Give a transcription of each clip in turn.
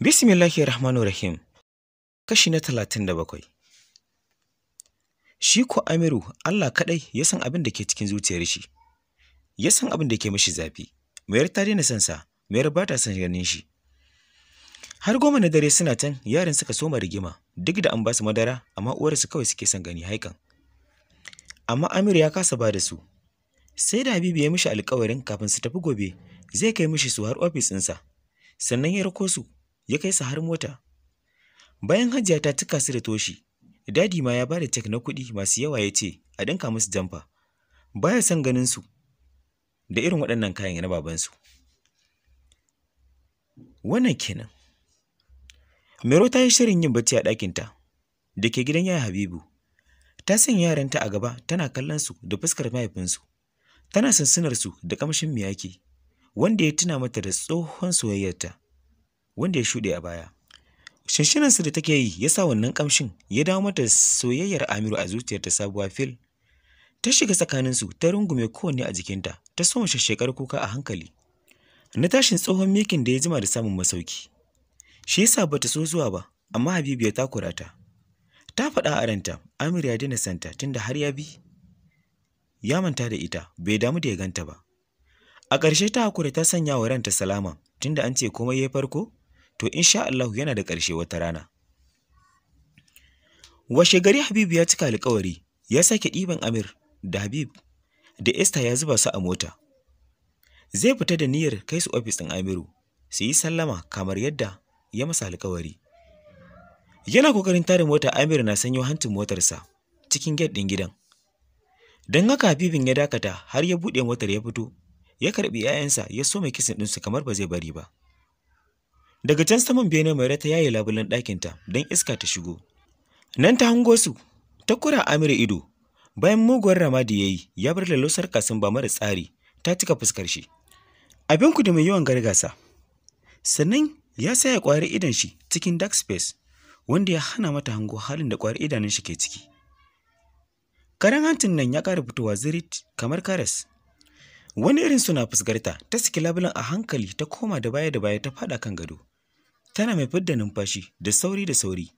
Bismillahir Rahmanir Rahim. Kashi na talatin da bakwai. Shi ko Amiru Allah kaɗai ya san abin da ke cikin zuciyar shi. Ya san abin da ke mishi zafi. Mayar ta daina san sa, mayar ba ta son ganin shi. Har goma na dare suna can yaran suka soma rigima duk da an ba su madara amma uwarsu kawai suke san gani haikan. Amma Amiru ya kasa ba da su. Sai da Habibu ya mishi alƙawarin kafin su tafi gobe zai kai mishi su har ofis ɗinsa. Sannan ya rako su ya kai su har mota bayan hajiya ta cika su da toshi dadi ma ya bada cek na kuɗi masu yawa ya ce a ɗinka musu jamfa baya son ganin su da irin waɗannan kayan na babansu wannan kenan mero ta yi shirin yin bacci a ɗakinta da ke gidan yaya habibu ta sanya yaranta a gaba tana kallon su da fuskar mahaifinsu tana sansunar su da ƙamshin miyaki wanda ya tuna mata da tsohon soyayyarta wanda ya shuɗe a baya shinshinansu da take yi ya sa wannan kamshin ya dawo mata soyayyar amiru a zuciyarta sabuwa fil ta shiga tsakaninsu ta rungume kowanne a jikinta ta soma shashshekar kuka a hankali na tashin tsohon mikin da ya jima da samun masauki shi yasa bata so zuwa ba amma habibu ya takura ta ta faɗa a ranta amiru ya daina santa tunda har ya bi ya manta da ita bai damu da ya ganta ba a ƙarshe ta hakura ta sanya wa ranta salama tunda an ce komai ya farko to insha Allahu yana da ƙarshe wata rana washe gari Habibu ya cika alƙawari ya sake ɗiban Amir da Habib da Esther ya zuba su a mota zai fita da niyyar kai su ofis ɗin Amiru su yi sallama kamar yadda ya masa alƙawari yana kokarin tare mota Amir na sanyo hancin motarsa cikin gate ɗin gidan don haka Habibin ya dakata har ya buɗe motar ya fito ya karɓi 'ya'yansa ya so mai kisan ɗinsu kamar ba zai bari ba Daga can saman bene mai ta yaye labulen ɗakinta don iska ta shigo. Nan ta hango su, ta kura Amira ido, bayan muguwar ramadi ya yi ya bar lalusar kasan ba mara tsari ta cika fuskar shi. Abin ku da mai yawan gargasa. Sannan ya saya ƙwari idan shi cikin dark space wanda ya hana mata hango halin da ƙwari idanun shi ke ciki. Karan hantin nan ya ƙara fitowa zirit kamar karas. Wani irin suna fuskarta ta saki labulan a hankali ta koma da baya da baya ta faɗa kan gado. Tana mai fidda numfashi da sauri da sauri,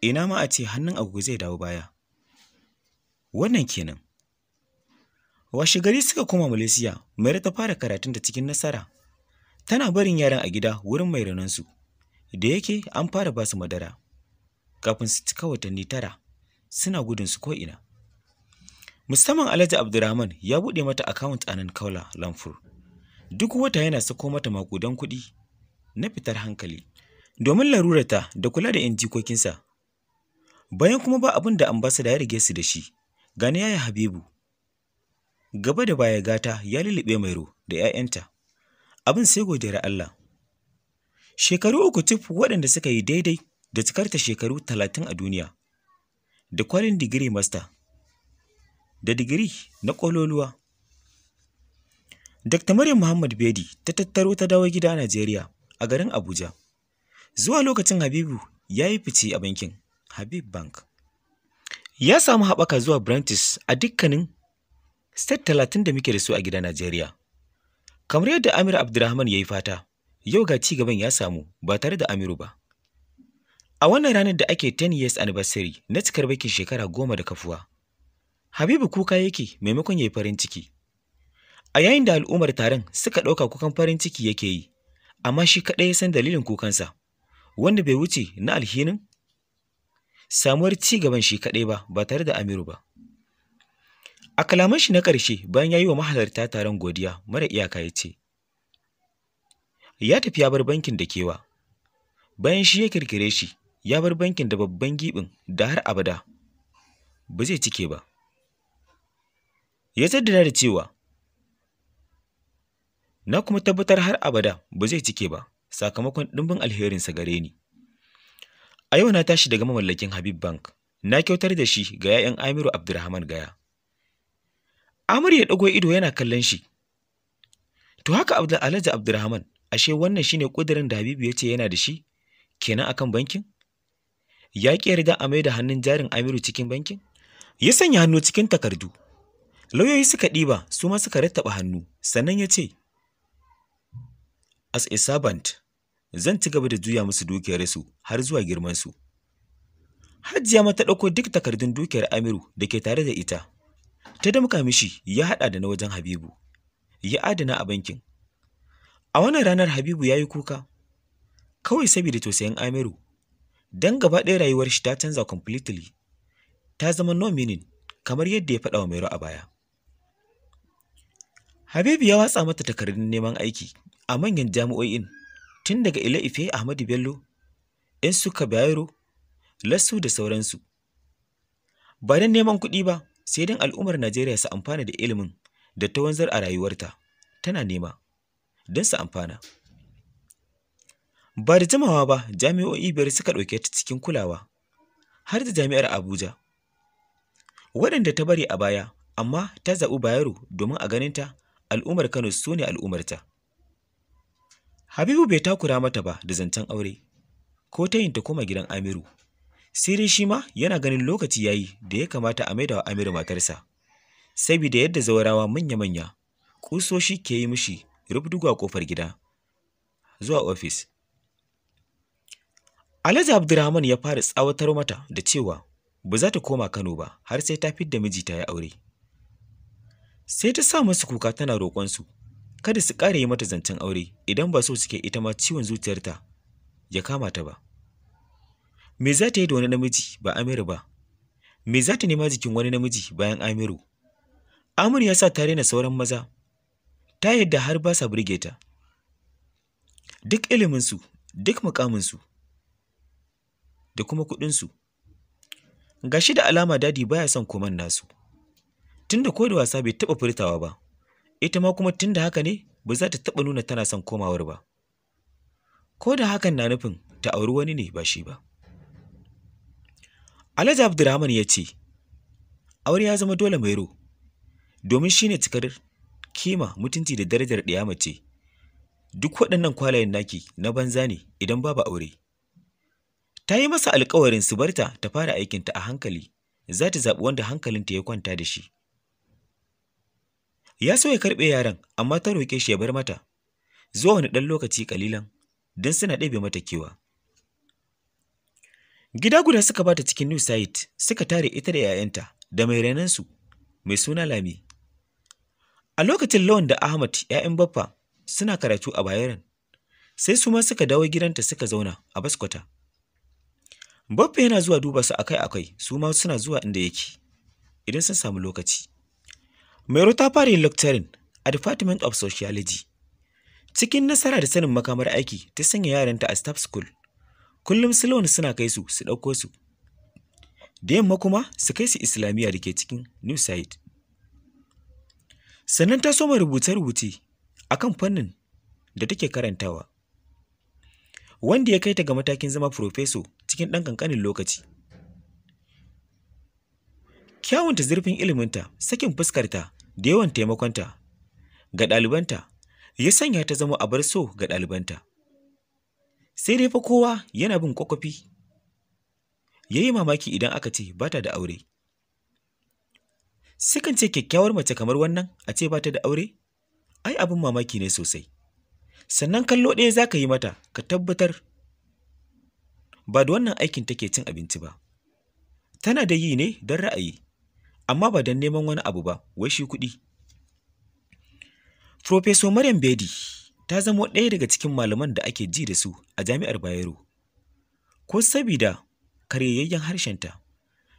ina ma a ce hannun agogo zai dawo baya. Wannan kenan. Washe gari suka koma Malaysia, Maira ta fara karatun da cikin nasara. Tana barin yaran a gida wurin mai ranansu da yake an fara ba su madara. Kafin su cika watanni tara, suna gudun su ko'ina. Musamman Alhaji Abdurrahman ya buɗe mata akawunt a nan Kaula Lamfur. Duk wata yana sako mata maƙudan kuɗi na fitar hankali. domin larurata da kula da 'yan jikokinsa. Bayan kuma ba abin da ambasada ya rige su da shi, gani ya yi Habibu. Gaba da baya gata ya lulluɓe Mairo da 'ya'yanta. Abin sai godiyar Allah. Shekaru uku tuf waɗanda suka yi daidai da cikarta shekaru talatin a duniya, da kwalin digiri masta, da digiri na ƙololuwa. Dr. Maryam Muhammad Bedi ta tattaro ta dawo gida a Najeriya a garin Abuja. Zuwa lokacin Habibu ya yi fice a bankin Habib Bank. Ya samu haɓaka zuwa branches a dukkanin state talatin da muke da su a gida Najeriya. Kamar yadda Amir Abdulrahman ya yi fata, yau ga ci gaban ya samu ba tare da Amiru ba. A wannan ranar da ake 10 years anniversary na cikar bakin shekara goma da kafuwa, Habibu kuka yake maimakon ya yi farin ciki. A yayin da al'ummar taron suka ɗauka kukan farin ciki yake yi, amma shi kaɗai ya san dalilin kukansa. wanda bai wuce na alhinin samuwar ci gaban shi kaɗai ba ba tare da Amiru ba. A kalaman shi na ƙarshe bayan ya yi wa mahalarta taron godiya mara iyaka ya ce, Ya tafi ya bar bankin da kewa, bayan shi ya kirkire shi ya bar bankin da babban giɓin da har abada ba zai cike ba. Ya jaddada da cewa, Na kuma tabbatar har abada ba zai cike ba. sakamakon ɗumbin alherinsa gare ni. A yau na tashi daga mamallakin Habib Bank, na kyautar da shi ga 'ya'yan Amiru Abdulrahman Gaya. Amir ya ɗago ido yana kallon shi. To haka Abdul Alhaji Abdulrahman, ashe wannan shine ƙudurin da Habibu ya ce yana da shi kenan akan bankin? Ya ƙi yarda a mai da hannun jarin Amiru cikin bankin? Ya sanya hannu cikin takardu, lauyoyi suka ɗiba su ma suka rattaba hannu sannan ya ce as a servant zan ci gaba da juya musu su har zuwa girman su. Hajiya ma ta ɗauko duk takardun dukiyar Amiru da ke tare da ita. Ta muka mishi ya haɗa da na wajen Habibu, ya adana a bankin. A wannan ranar Habibu ya yi kuka, kawai saboda tausayin Amiru, Dan gaba ɗaya rayuwar shi ta canza completely, ta zama no meaning kamar yadda ya faɗa wa Mairo a baya. Habibu ya watsa mata takardun neman aiki a manyan jami'o'in tun daga Ile Ife Ahmadu Bello, ‘yan suka bayaro, lasu da sauransu. Ba don neman kuɗi ba, sai don al'ummar Najeriya su amfana da ilimin da ta wanzar a rayuwarta, tana nema, don su amfana. Ba da jimawa ba, jami'o'i biyar suka ɗauke ta cikin kulawa, har da jami'ar Abuja. Waɗanda ta bari a baya, amma ta zaɓi Bayero domin a ganinta al'ummar Kano su ne al'ummarta. Habibu bai takura mata ba da zancen aure, ko ta yin ta koma gidan Amiru. Sai shi ma yana ganin lokaci ya yi da ya kamata a maida wa Amiru matarsa, sabida yadda zawarawa manya-manya ƙusoshi ke yi mishi rubdugu a kofar gida zuwa ofis. Alhaji Abdurrahman ya fara tsawatar mata da cewa ba za ta koma Kano ba har sai ta fidda miji ta yi aure. Sai ta sa masu kuka tana roƙonsu kada su ƙara yi mata zancen aure idan ba so suke ita ma ciwon zuciyarta ya kama ta ba me za ta yi da wani namiji ba amiru ba me za ta nema jikin wani namiji bayan amiru amiru ya sa ta rena sauran maza ta yadda har ba sa burge ta duk iliminsu duk mukaminsu da kuma kuɗinsu gashi da alama dadi baya son koman nasu tunda ko da wasa bai taɓa furtawa ba ita ma kuma tun da haka ne ba za ta taɓa nuna tana son komawar ba ko da hakan na nufin ta auri wani ne ba shi ba alhaji abdurrahman ya ce aure ya zama dole mai ro domin ne cikar kima mutunci da darajar ɗaya mace duk waɗannan kwalayen naki na banza ne idan babu aure ta yi masa alkawarin su barta ta fara aikinta a hankali za ta zaɓi wanda hankalinta ya kwanta da shi Ya so ya karɓe yaran, amma ta roƙe shi ya bar mata. Zuwa wani ɗan lokaci ƙalilan, don suna ɗebe mata kewa. Gida guda suka bata cikin New Site, suka tare ita da 'ya'yanta da mai su mai suna Lami. A lokacin Lawan da Ahmad 'ya'yan Baffa suna karatu a Bayaran, sai su ma suka dawo gidanta suka zauna a Baskwata. Baffa yana zuwa duba su akai-akai, su ma suna zuwa inda yake, idan sun samu lokaci. Mairo ta fara yin lecturing a Department of Sociology. Cikin nasara da sanin makamar aiki ta sanya yaranta a staff school. Kullum Sloan suna kai su su ɗauko su. Da yamma kuma su kai su Islamiyya da ke cikin New Side. Sannan ta soma rubuce-rubuce a kan fannin da take karantawa. Wanda ya kai ta ga matakin zama profeso cikin ɗan ƙanƙanin lokaci. kyawunta zurfin iliminta sakin fuskarta da yawan taimakonta ga ɗalibanta ya sanya ta zama a bar so ga ɗalibanta sai dai fa kowa yana bin kwakwafi ya yi mamaki idan aka ce ba ta da aure sukan ce kyakkyawar mace kamar wannan a ce ba ta da aure ai abin mamaki ne sosai sannan kallo ɗaya za ka yi mata ka tabbatar ba da wannan aikin take cin abinci ba tana da yi ne don ra'ayi amma ba don neman wani abu ba wai shi kuɗi Profeso Maryam Bedi ta zama ɗaya daga cikin malaman da ake ji da su a jami'ar Bayero, ko sabida karyayyen harshenta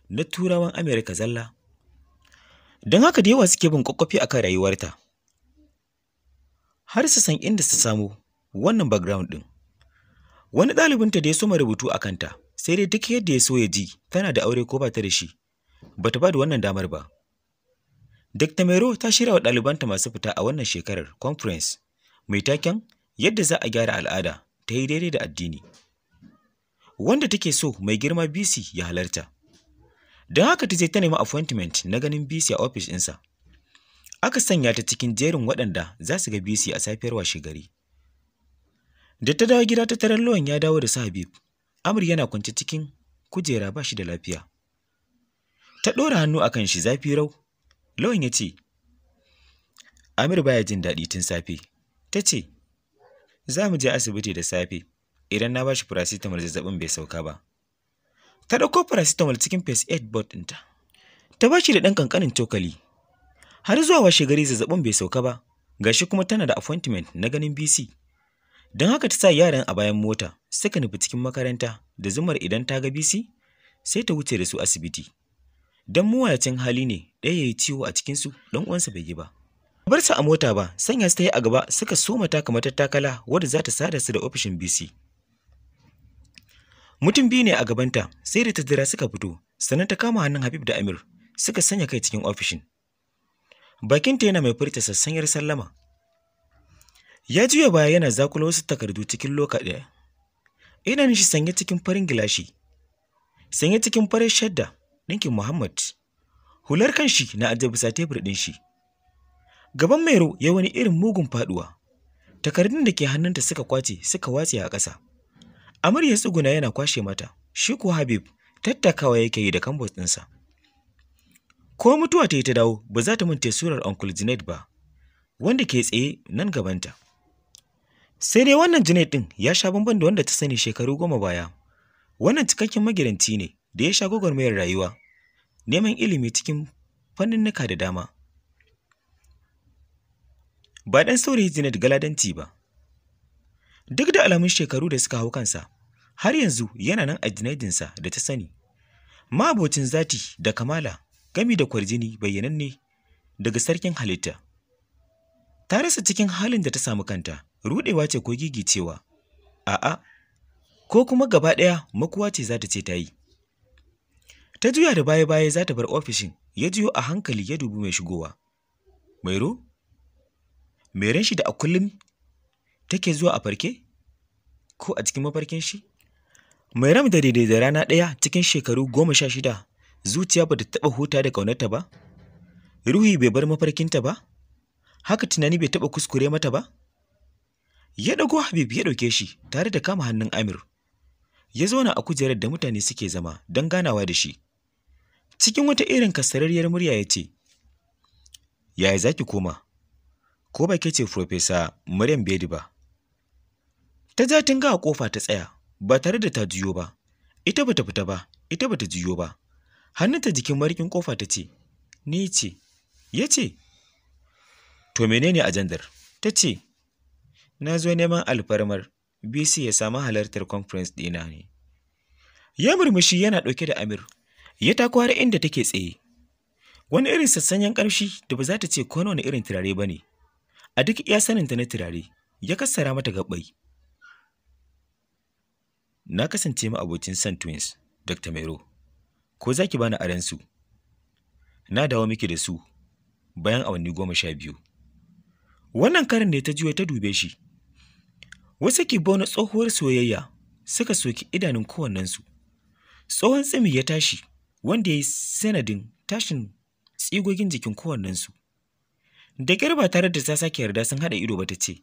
na turawan Amerika zalla. Don haka da yawa suke bin kwakwafi a kan rayuwarta, har su san inda su samu wannan background ɗin. Wani ɗalibinta da ya soma rubutu a kanta, sai dai duk yadda ya so ya ji tana da aure ko ba ta da shi, ba ta ba da wannan damar ba. Dr. Mero ta shirya wa ɗalibanta masu fita a wannan shekarar conference mai taken yadda za a gyara al'ada ta yi daidai da addini. Wanda take so mai girma BC ya halarta. Don haka ta je ta nemi appointment na ganin BC a ofis ɗinsa. Aka sanya ta cikin jerin waɗanda za su ga BC a safiyar washe gari. Da ta dawo gida ta tarar lawan ya dawo da sa Habib. Amir yana kwance cikin kujera ba shi da lafiya. ta ɗora hannu a kan shi zafi rau lawan ya ce amir baya jin daɗi tun safe ta ce za mu je asibiti da safe idan na bashi shi zazzabin bai sauka ba ta ɗauko paracetamol cikin face aid board ɗinta ta ba shi da ɗan ƙanƙanin cokali har zuwa washe gari zazzabin bai sauka ba gashi kuma tana da appointment na ganin bc don haka ta sa yaran a bayan mota suka nufi cikin makaranta da zumar idan ta ga bc sai ta wuce da su asibiti don mawayacin hali ne ɗaya ya yi ciwo a cikinsu don uwansa bai yi ba bar su a mota ba sanya su ta yi a gaba suka soma taka matattakala wadda za ta sada su da ofishin bc mutum biyu ne a gabanta sai da ta jira suka fito sannan ta kama hannun habib da amir suka sanya kai cikin ofishin bakinta yana mai furta sassanyar sallama ya juya baya yana zakula wasu takardu cikin loka ɗaya Ina shi sanye cikin farin gilashi sanye cikin farin shadda ɗinkin Muhammad, hular kan shi na aje bisa tebur ɗin shi. Gaban Mero ya wani irin mugun faɗuwa, takardun da ke hannunta suka kwace suka watse a ƙasa. Amarya tsuguna yana kwashe mata, shi kuwa Habib tattakawa yake yi da kambos ɗinsa. Ko mutuwa ta yi ta dawo ba za ta manta surar Uncle Junaid ba, wanda ke tsaye nan gabanta. Sai dai wannan Junaid ɗin ya sha bamban da wanda ta sani shekaru goma baya. Wannan cikakken magidanci ne, da ya sha gwagwarmayar rayuwa, neman ilimi cikin fanninnika da dama. Ba ɗan saurayi Zinat Galadanti ba, duk da alamun shekaru da suka hau kansa, har yanzu yana nan a jinaidinsa da ta sani. Ma'abocin zati da kamala gami da kwarjini bayyananne daga sarkin halitta. Ta rasa cikin halin da ta samu kanta, ruɗewa ce ko gigicewa, a'a, ko kuma gaba ɗaya makuwa ce za ta ce ta yi. Ta juya da baya-baya za ta bar ofishin, ya juyo a hankali ya dubi mai shigowa. Mairo? ran shi da a kullum take zuwa a farke? Ko a cikin mafarkin shi? Mairam da daidai da rana ɗaya cikin shekaru goma sha shida, zuciya ba ta taɓa huta da ƙaunarta ba? Ruhi bai bar mafarkinta ba? Haka tunani bai taɓa kuskure mata ba? Ya ɗago Habib ya ɗauke shi tare da kama hannun Amir. Ya zauna a kujerar da mutane suke zama don ganawa da shi. cikin wata irin kasarariyar murya ya ce yaya za ki koma ko ba ke ce Profesa Maryam Bedi ba. Ta ja tun ga ƙofa ta tsaya, ba tare da ta juyo ba, ita ba ta fita ba, ita ba ta juyo ba. Hannunta jikin marikin ƙofa ta ce, Ni ce, ya ce, To menene ajandar? Ta ce, Na zo neman alfarmar BC ya samu halartar conference ɗina ne. Ya murmushi yana ɗauke da Amir, ya tako har inda take tsaye wani irin sassanyen ƙarshi da ba za ta ce ko wani irin turare ba ne a duk iya ta na turare ya kassara mata gaɓai na kasance ma abokin san twins dr mero ko za ki bani su. na dawo miki da su bayan awanni goma sha biyu wannan karin ne ta juya ta dube shi wasu ki bauna tsohuwar soyayya suka soki idanun kowannensu tsohon tsimi ya tashi wanda ya yi sanadin tashin tsigogin jikin kowannensu. Da ƙyar ba tare da ta sake yarda sun haɗa ido ba ta ce,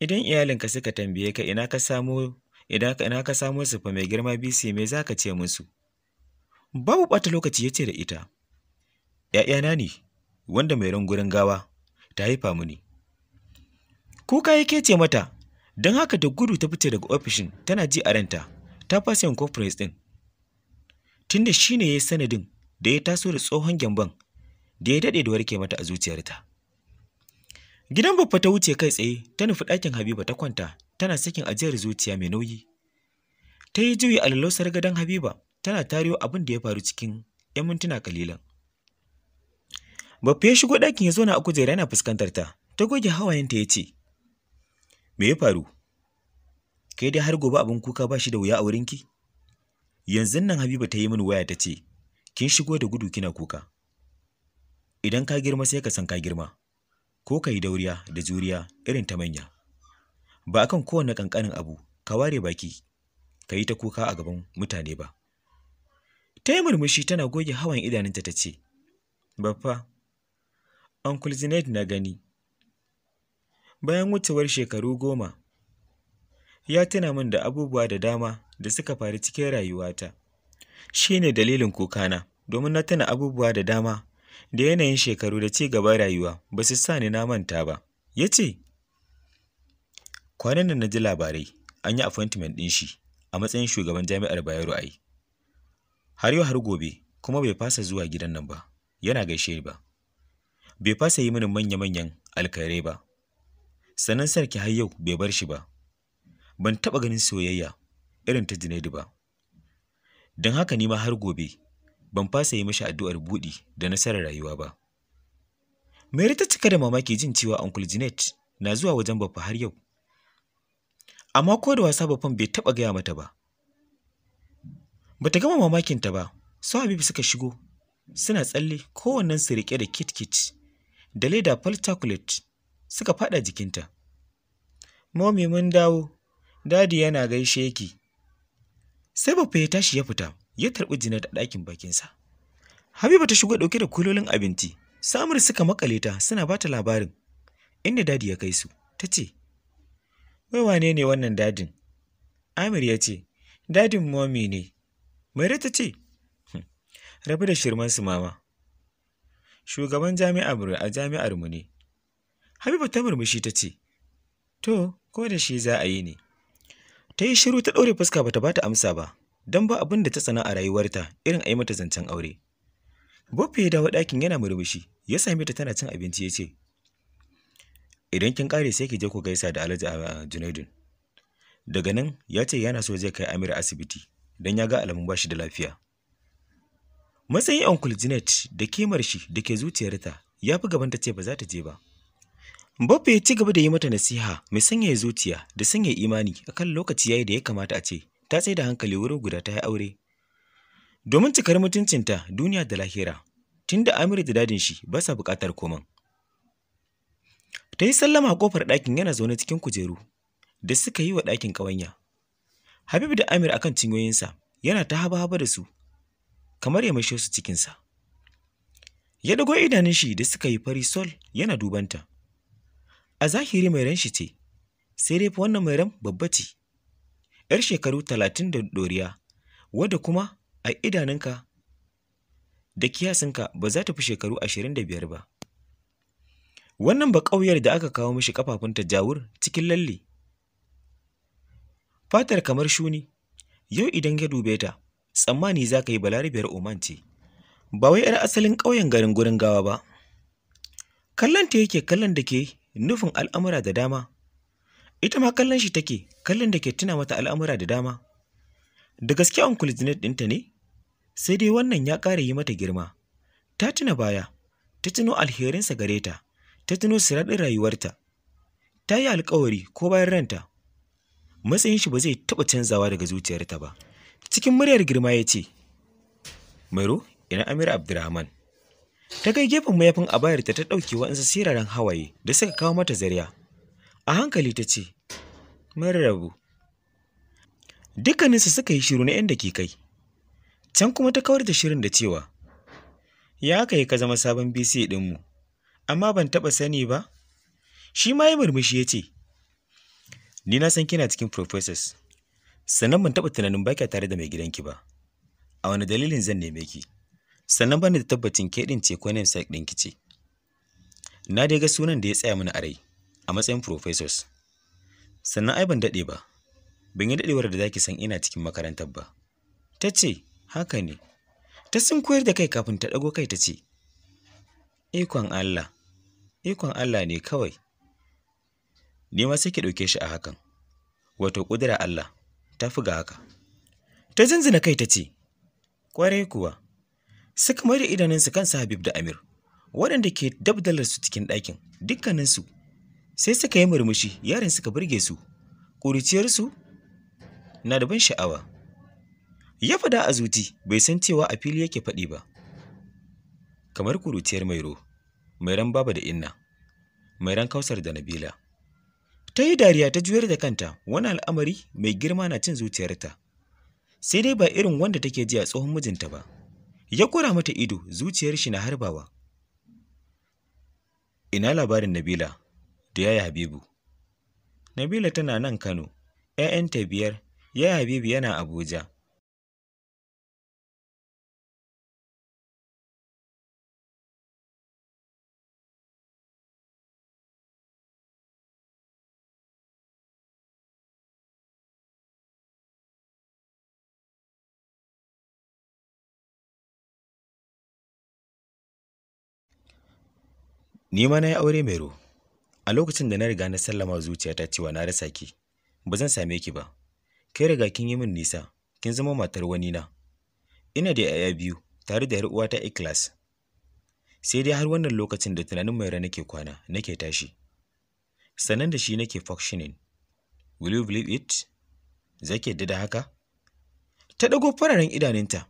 Idan iyalinka suka tambaye ka ina ka samo idan ina sufa mai girma BC me za ka ce musu? Babu ɓata lokaci ya ce da ita, ‘ya'yana ne, wanda mai rangurin gawa ta haifa mini. Kuka ke ce mata, don haka da gudu ta fice daga ofishin tana ji a ranta, ta fasa yin conference ɗin tunda shi ne ya yi sanadin da ya taso da tsohon gyambon da ya daɗe da warke mata a zuciyarta. Gidan babba ta wuce kai tsaye ta nufi ɗakin Habiba ta kwanta tana sakin ajiyar zuciya mai nauyi. Ta yi juyi a lalausar gadon Habiba tana tariyo abin da ya faru cikin 'yan mintuna kalilan. Babba ya shigo ɗakin ya zauna a kujera yana fuskantar ta, ta goge hawayenta ya ce, Me ya faru? Kai dai har gobe abin kuka ba shi da wuya a wurinki? yanzu nan habiba ta yi mini waya ta ce kin shigo da gudu kina kuka idan ka girma sai ka san ka girma ko ka yi dauriya da juriya irin ta manya ba akan kowane kankanin abu ka ware baki ka yi ta kuka a gaban mutane ba ta yi murmushi tana goge hawan idanunta ta ce baffa uncle na gani bayan wucewar shekaru goma ya tuna min da abubuwa da dama da suka faru cikin rayuwata shi ne dalilin kukana domin na tuna abubuwa da dama da yanayin shekaru da ci gaban rayuwa ba su sa ni na manta ba ya ce kwanan nan na ji labarai an yi appointment ɗin shi a matsayin shugaban jami'ar bayero ai har yau har gobe kuma bai fasa zuwa gidan nan ba yana gaishe ba bai fasa yi mini manya-manyan alkhairai ba sannan sarki har yau bai bar shi ba ban taɓa ganin soyayya irin ta Junaidu ba. Don haka ni ma har gobe ban fasa yi mashi addu'ar buɗi da nasarar rayuwa ba. Mary ta cika da mamaki jin cewa Uncle Junaid na zuwa wajen Baffa har yau. Amma ko da wasa Baffan bai taɓa gaya mata ba. Bata gama ta ba, su Habibu suka shigo, suna tsalle kowannen su riƙe da kit-kit da leda faltakulet suka faɗa jikinta. Mami mun dawo, dadi yana gaishe ki. sai babba ya tashi ya fita ya tarbi jinar da ɗakin bakinsa habiba ta shigo ɗauke da kulolin abinci samir suka makale ta suna ba ta labarin inda dadi ya kai su ta ce wai wane ne wannan dadin amir ya ce dadin momi ne maira ta ce hm, rabu da shirmansu mama shugaban jami'ar a jami'ar mu ne habiba ta murmushi ta ce to ko da shi za a yi ne ta yi shiru ta ɗaure fuska bata bata amsa ba don ba abin da ta tsana a rayuwarta irin a yi mata zancen aure Bob ya dawo ɗakin yana murmushi ya same ta tana cin abinci ya ce idan kin ƙare sai ki je ku gaisa da alhaji ah, junaidun daga nan ya ce yana so zai kai amir asibiti don ya ga alamun bashi da lafiya matsayin uncle da kimar shi da ke zuciyarta ya fi gaban ta ce ba za ta je ba Mbappe ya ci gaba da yi mata nasiha mai sanya zuciya da sanya imani akan lokaci yayi da ya kamata a ce ta tsaye da hankali wurin guda ta yi aure. Domin cikar mutuncinta duniya da lahira, tunda Amiru da dadin shi ba sa buƙatar koman. Ta yi sallama a kofar ɗakin yana zaune cikin kujeru da suka yi wa ɗakin ƙawanya. Habib da Amir akan cinyoyinsa yana ta haba-haba da su, kamar ya maishe su cikinsa. Ya dago idanun shi da suka yi fari sol yana dubanta. a zahiri mai ran shi ce sai dai fa wannan mai ran babba ce yar shekaru talatin da doriya wadda kuma a idanunka da kiyasinka ba za ta fi shekaru ashirin da biyar ba wannan ba ƙauyar da aka kawo mishi kafafunta jawur cikin lalle fatar kamar shuni yau idan ya dube ta tsammani za ka yi balarabiyar oman ce ba wai 'yar asalin ƙauyen garin gurin gawa ba kallon ta yake kallon da ke nufin al'amura da dama ita ma kallon shi take kallon da ke tuna mata al'amura da dama da gaske uncle Junaid ɗinta ne sai dai wannan ya ƙara yi mata girma ta tuna baya ta tuno alherinsa gare ta ta tuno siraɗin rayuwarta ta yi alkawari ko bayan ranta matsayin shi ba zai taɓa canzawa daga zuciyarta ba cikin muryar girma ya ce mairo ina amir abdurrahman ta kai gefen mayafin a abayarta ta ɗauke waɗansu siraran hawaye da suka kawo mata zariya a hankali ta ce mun rabu dukkaninsu suka yi shiru na yan kai. can kuma ta kawar da shirin da cewa ya aka yi ka zama sabon bc ɗinmu amma ban taɓa sani ba shi ma ya murmushi ya ce ni na san kina cikin professors sannan ban taɓa tunanin baki tare da mai gidanki ba a wani dalilin zan neme ki sannan bani da tabbacin ke din ce ko namesake ɗinki ce na dai ga sunan da ya tsaya mini a rai a matsayin professors sannan ai ban daɗe ba ban yi daɗewar da zaki san ina cikin makarantar ba ta ce haka ne ta sun koyar da kai kafin ta ɗago kai ta ce ikon allah ikon allah ne kawai ni ma sai ki ɗauke shi a hakan wato ƙudura allah ta fi ga haka ta zinzina kai ta ce ƙwarai kuwa suka mai da idanunsu kan habib da amir waɗanda ke dabdalar su cikin ɗakin dukkaninsu sai suka yi murmushi yaran suka burge su ƙuruciyarsu na da ban sha'awa ya fada a zuci bai san cewa a fili yake faɗi ba kamar ƙuruciyar mairo mai ran baba da inna mai ran kausar da nabila ta yi dariya ta juyar da kanta wani al'amari mai girma na cin zuciyarta sai dai ba irin wanda take ji a tsohon mijinta ba ya kura mata ido zuciyar shi na harbawa ina labarin nabila da yaya habibu nabila tana nan kano ‘ya'yanta biyar yaya habibu yana abuja Ni ma na yi aure mai ro. A lokacin da na riga na sallama zuciyata cewa na rasa ki, ba zan same ki ba. Kai riga kin yi min nisa, kin zama matar wani na. Ina da 'ya'ya biyu tare da 'yar uwata Iklas. Sai dai har wannan lokacin da tunanin mai ra nake kwana, nake tashi. Sannan da shi nake functioning. Will you believe it? ki yadda da haka? Ta ɗago fararen idanunta.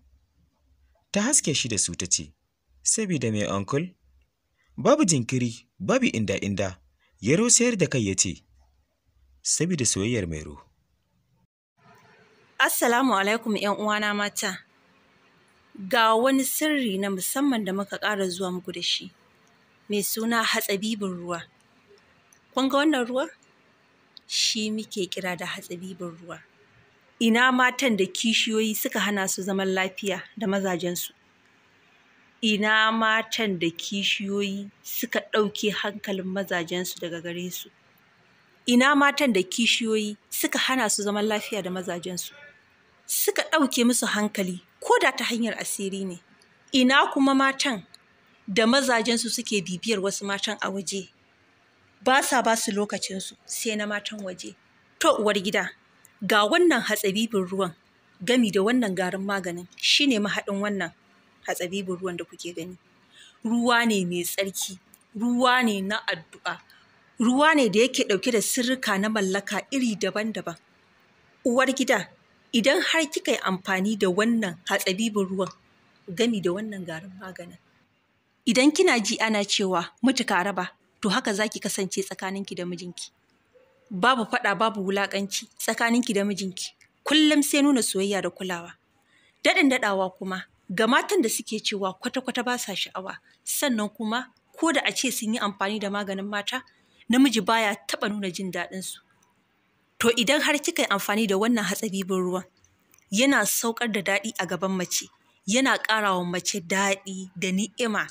Ta haske shi da su ta ce, Sabida mai uncle, babu jinkiri babu inda-inda ya sayar da kai ya ce saboda soyayyar mairo assalamu alaikum yan uwana mata ga wani sirri na musamman da muka ƙara zuwa muku da shi mai suna hatsabibin ruwa kun ga wannan ruwa shi muke kira da hatsabibin ruwa ina matan da kishiyoyi suka hana su zaman lafiya da mazajensu ina matan da kishiyoyi suka ɗauke hankalin mazajensu daga gare su ina matan da kishiyoyi suka hana su zaman lafiya da mazajensu suka ɗauke musu hankali ko da ta hanyar asiri ne ina kuma matan da mazajensu suke bibiyar wasu matan a waje ba sa ba su lokacinsu sai na matan waje to uwar gida ga wannan hatsabibin ruwan gami da wannan garin maganin shine mahaɗin wannan hatsabibin ruwan da kuke gani ruwa ne mai tsarki ruwa ne na addu'a ruwa ne da yake ɗauke da sirrika na mallaka iri daban-daban uwar gida idan har kika yi amfani da wannan hatsabibin ruwan gami da wannan garin maganin idan kina ji ana cewa mutu ka raba to haka zaki kasance tsakaninki da mijinki babu faɗa babu wulaƙanci tsakaninki da mijinki kullum sai nuna soyayya da kulawa daɗin daɗawa kuma ga matan da suke cewa kwata-kwata ba sa sha'awa sannan kuma ko da a ce sun yi amfani da maganin mata namiji baya taɓa nuna jin daɗin su to idan har kika yi amfani da wannan bin ruwan yana saukar da daɗi a gaban mace yana ƙara wa mace daɗi da ni'ima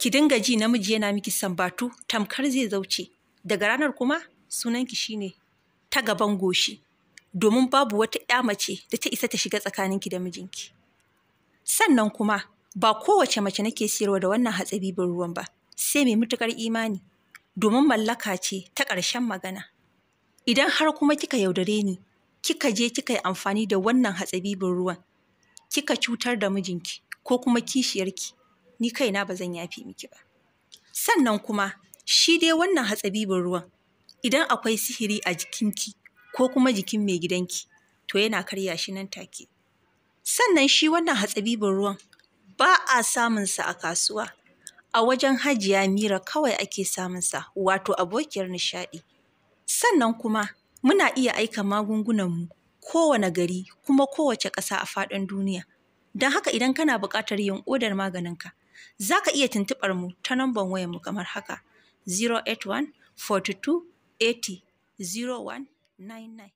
ki dinga ji namiji yana miki sambatu tamkar zai zauce daga ranar kuma sunanki shine ta gaban goshi domin babu wata ƴa mace da ta isa ta shiga tsakaninki da mijinki Sannan kuma ba kowace mace nake siyarwa da wannan hatsabibin ruwan ba, sai mai matuƙar imani, domin mallaka ce ta ƙarshen magana. Idan har kuma kika yaudare ni, kika je kika yi amfani da wannan hatsabibin ruwan, kika cutar da mijinki ko kuma kishiyarki, ni kaina ba zan yafi miki ba. Sannan kuma shi dai wannan hatsabibin ruwan, idan akwai sihiri a jikinki ko kuma jikin mai gidanki, to yana karya shi nan take. Sannan shi wannan hatsabibin ruwan ba a samun sa a kasuwa. A wajen hajiya Mira kawai ake sa, wato abokiyar nishaɗi. Sannan kuma muna iya aika magungunanmu kowane gari kuma kowace ƙasa a faɗin duniya. Don haka idan kana buƙatar yin odar maganinka, za ka iya tuntuɓar mu ta nambar wayarmu kamar haka 081 42 80 0199.